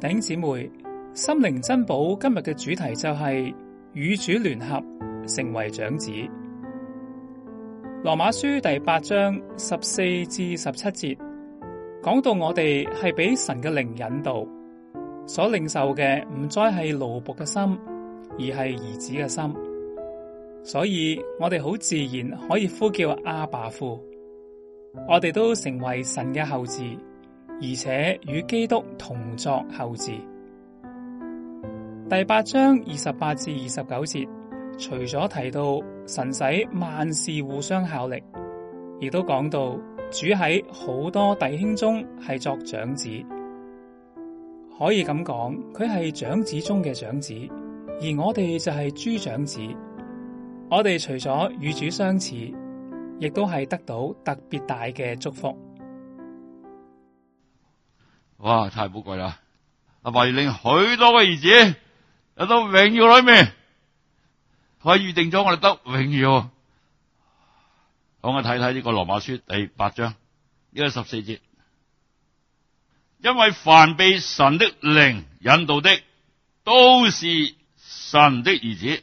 頂姊妹，心靈珍寶今日嘅主題就係與主聯合成為長子。羅馬書第八章十四至十七節講到，我哋係畀神嘅靈引導，所領受嘅唔再係奴僕嘅心，而係兒子嘅心。所以，我哋好自然可以呼叫阿爸父，我哋都成為神嘅後嗣。而且與基督同作後嗣。第八章二十八至二十九節，除咗提到神使萬事互相效力，亦都講到主喺好多弟兄中係作長子，可以咁講，佢係長子中嘅長子，而我哋就係諸長子。我哋除咗與主相似，亦都係得到特別大嘅祝福。哇！太寶貴啦，阿華令許多嘅兒子入到榮耀裏面，佢預定咗我哋得榮耀。我我睇睇呢個羅馬書第八章呢個十四節，因為凡被神的靈引導的，都是神的兒子。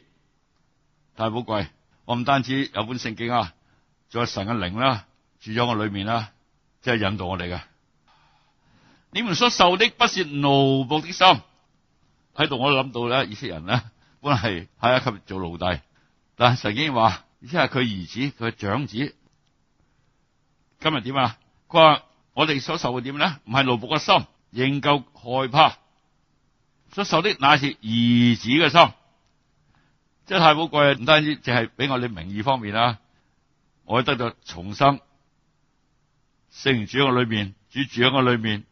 太寶貴，我唔單止有本聖經啊，仲有神嘅靈啦，住咗我裏面啦，即係引導我哋嘅。你們所受的不是奴僕的心，喺度我諗到咧，以色列人咧本嚟係下一級做奴隸，但神竟然話，而且係佢兒子，佢嘅長子，今日點啊？佢話我哋所受嘅點咧？唔係奴僕嘅心，仍舊害怕，所受的乃是兒子嘅心，即係太寶貴，唔單止淨係俾我哋名義方面啊，我得到重生，聖主住喺我裏面，主住喺我裏面。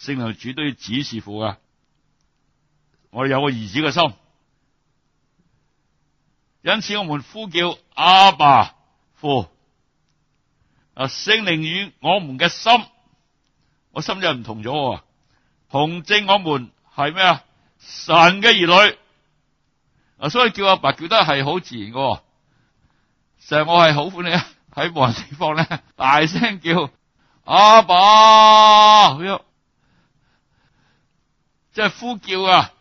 聖靈主都要指示父噶，我們有個兒子嘅心，因此我們呼叫阿爸父，啊聖靈與我們嘅心，我心又唔同咗，同證我們係咩啊？神嘅兒女，啊所以叫阿爸叫得係好自然嘅，成日我係好歡喜喺無人地方咧大聲叫阿爸真係呼叫啊！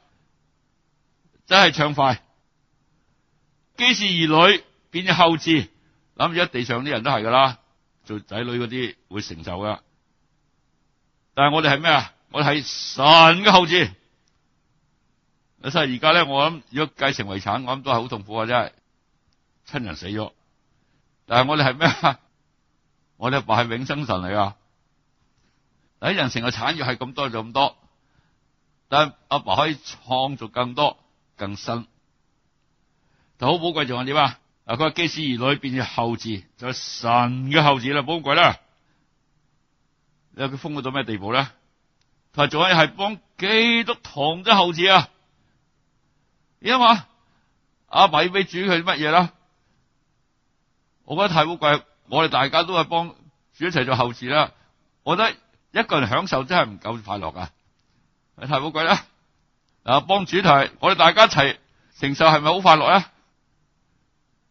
真係暢快。既是兒女變咗後嗣，諗住一地上啲人都係噶啦，做仔女啲會承受噶。但係我哋係咩啊？我哋係神嘅後嗣。老細而家咧，我諗如果繼承遺產，我諗都係好痛苦啊！真係親人死咗，但係我哋係咩啊？我哋話係永生神嚟啊！第一人成個產業係咁多就咁多。但阿爸，爸可以創造更多、更新，寶貴就好寶貴。仲話點啊？嗱，佢話即使兒女變咗後嗣，就神嘅後嗣啦，寶貴啦。你話佢封到到咩地步咧？佢話仲係係幫基督堂嘅後嗣啊！因為阿爸要俾主佢乜嘢啦？我覺得太寶貴，我哋大家都係幫主一齊做後嗣啦。我覺得一個人享受真係唔夠快樂噶。睇好貴啦，啊，幫主題，我哋大家一齊承受係咪好快樂啊？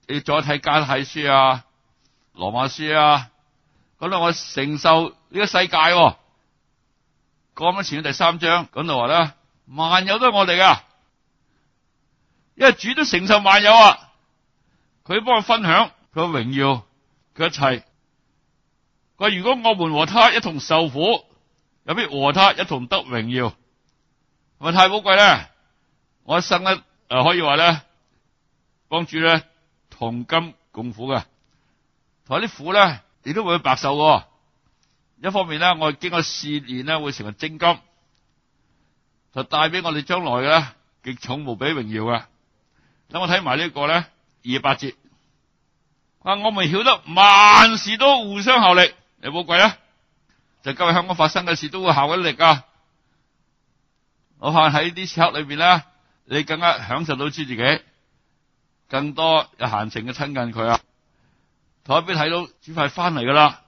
你再睇加體書啊、羅馬書啊，講到我承受呢個世界、啊。講緊前第三章，咁就話啦：「萬有都係我哋噶、啊，因為主都承受萬有啊，佢幫我分享佢榮耀佢一齊。」佢如果我們和他一同受苦，也必和他一同得榮耀？咪太寶貴啦！我一生咧誒、呃，可以話咧，幫助咧同甘共苦㗎。同啲苦咧亦都唔會白受。一方面咧，我經過試煉咧，會成為精金，就帶俾我哋將來嘅極重無比榮耀㗎。等我睇埋呢個咧，二八節啊，我咪曉得萬事都互相效力，你寶貴啊？就今日香港發生嘅事都會效一力啊！我怕喺呢啲時刻裏邊咧，你更加享受到知自己更多有閒情嘅親近佢啊！台邊睇到主快翻嚟噶啦，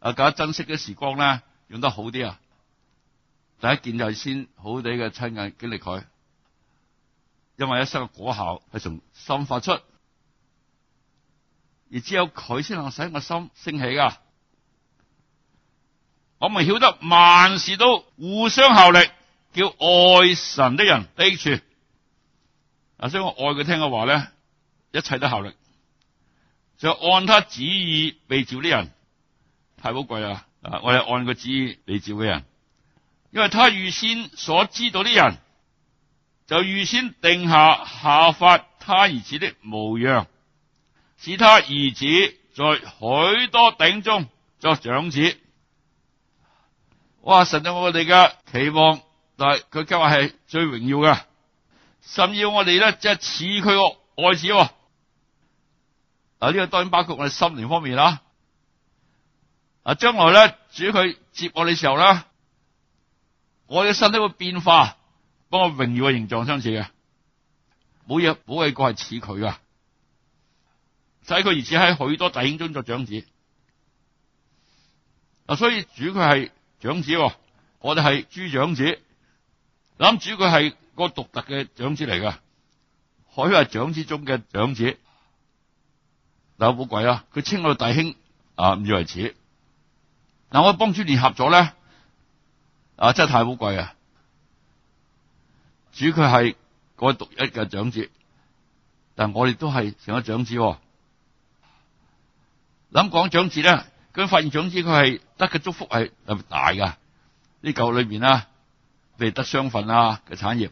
啊，更加珍惜嘅時光咧，用得好啲啊！第一件就係先好啲嘅親近經歷佢，因為一生嘅果效係從心發出，而只有佢先能使我心升起啊！我哋曉得萬事都互相效力。叫愛神的人，得益處啊！所以我愛佢聽嘅話咧，一切都效力。就按他旨意被召啲人，太寶貴啦！啊，我哋按佢旨意被召嘅人，因為他預先所知道啲人，就預先定下效法他兒子的模樣，使他兒子在許多弟兄中作長子。哇！神對我哋嘅期望。但係佢嘅計劃係最榮耀嘅，甚要我哋咧，即係似佢個愛子。嗱，呢個當然包括我哋心靈方面啦。啊，將來咧，主佢接我哋嘅時候咧，我嘅身體會變化，幫我榮耀嘅形象相似嘅，每樣每一個係似佢啊。使佢而似喺許多弟兄中作長子。嗱，所以主佢係長子，我哋係諸長子。諗住佢係個獨特嘅長子嚟噶，海係長子中嘅長子，嗱好寶貴啊！佢稱我哋大兄啊，唔以為恥。嗱我幫主聯合咗咧，啊真係太寶貴啊！主佢係個獨一嘅長子，但我哋都係成個長子，啊。諗講長子咧，佢發現長子佢係得嘅祝福係特別大噶，呢嚿裏面啊。未得雙份啊嘅產業，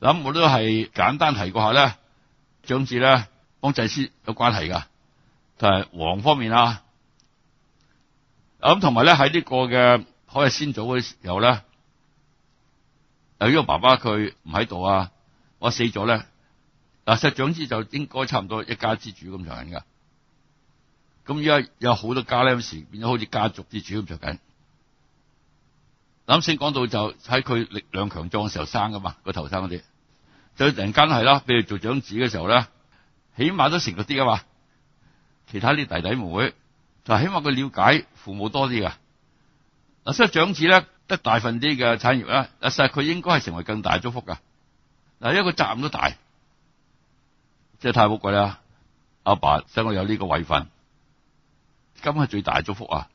咁我都係簡單提過下咧，長子咧幫祭司有關係噶，就係、是、王方面啊，咁同埋咧喺呢、這個嘅開先祖嘅時候咧，由於爸爸佢唔喺度啊，我死咗咧，嗱，實長子就應該差唔多一家之主咁長人噶，咁而家有好多家咧，時變咗好似家族之主咁着緊。諗先講到就喺佢力量強壯嘅時候生噶嘛，佢頭生嗰啲，就突然間係啦，譬如做長子嘅時候咧，起碼都成熟啲嘅嘛，其他啲弟弟妹妹，就起碼佢了解父母多啲噶。嗱，所以長子咧得大份啲嘅產業啦，啊，實佢應該係成為更大祝福噶。嗱，一個責任都大，即係太寶貴啦。阿爸想我有呢個位份，咁係最大的祝福啊。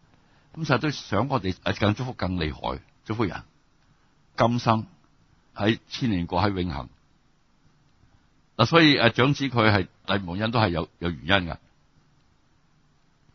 咁實都想我哋啊，更祝福更厲害。祝福人，今生喺千年過喺永恆，嗱，所以啊，長子佢係大部分人都係有有原因嘅。